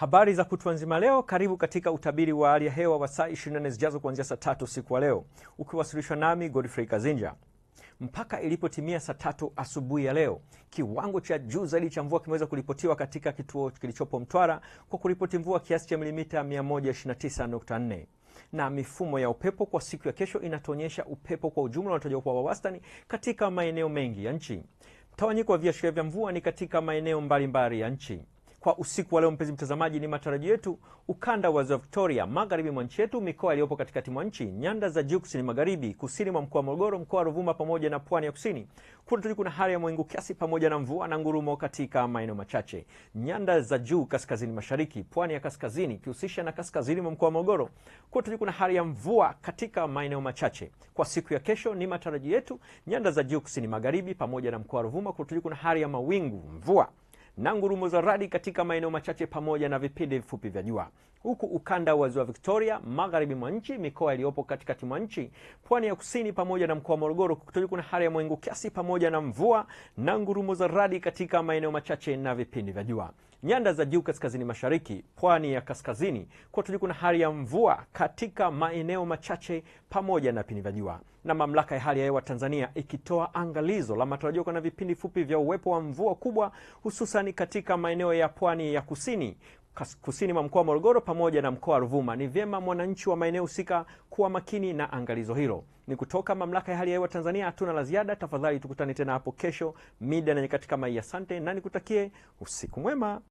Habari za kutwa nzima leo, karibu katika utabiri wa hali ya hewa wa saa 24 zijazo kuanzia saa tatu usiku wa leo, ukiwasilishwa nami Godfrey Kazinja. Mpaka ilipotimia saa tatu asubuhi ya leo, kiwango cha juu zaidi cha mvua kimeweza kuripotiwa katika kituo kilichopo Mtwara kwa kuripoti mvua kiasi cha milimita 129.4 na mifumo ya upepo kwa siku ya kesho inatuonyesha upepo kwa ujumla unatarajiwa kuwa wa wastani katika maeneo mengi ya nchi. Mtawanyiko wa viashiria vya mvua ni katika maeneo mbalimbali ya nchi. Kwa usiku wa leo, mpenzi mtazamaji, ni matarajio yetu ukanda wa ziwa Victoria, magharibi mwa nchi yetu, mikoa iliyopo katikati mwa nchi, nyanda za juu kusini magharibi, kusini mwa mkoa wa Morogoro, mkoa wa Ruvuma pamoja na pwani ya kusini, kunatui kuna hali ya mwingu kiasi pamoja na mvua na ngurumo katika maeneo machache. Nyanda za juu kaskazini mashariki, pwani ya kaskazini ikihusisha na kaskazini mwa mkoa wa Morogoro, kunatui kuna hali ya mvua katika maeneo machache. Kwa siku ya kesho, ni matarajio yetu nyanda za juu kusini magharibi pamoja na mkoa wa Ruvuma, kunatui kuna hali ya mawingu, mvua na ngurumo za radi katika maeneo machache pamoja na vipindi vifupi vya jua, huku ukanda wa ziwa Victoria, magharibi mwa nchi, mikoa iliyopo katikati mwa nchi, pwani ya kusini pamoja na mkoa wa Morogoro kutokuwa kuna hali ya mwengu kiasi pamoja na mvua na ngurumo za radi katika maeneo machache na vipindi vya jua. Nyanda za juu kaskazini mashariki, pwani ya kaskazini kwetu kuna hali ya mvua katika maeneo machache pamoja na vipindi vya jua, na mamlaka ya hali ya hewa Tanzania ikitoa angalizo la matarajio kuna vipindi fupi vya uwepo wa mvua kubwa hususan katika maeneo ya pwani ya kusini kusini mwa mkoa wa Morogoro pamoja na mkoa wa Ruvuma. Ni vyema mwananchi wa maeneo husika kuwa makini na angalizo hilo. Ni kutoka mamlaka ya hali ya hewa Tanzania. Hatuna la ziada, tafadhali tukutane tena hapo kesho mida na nyakati kama hii. Asante na nikutakie usiku mwema.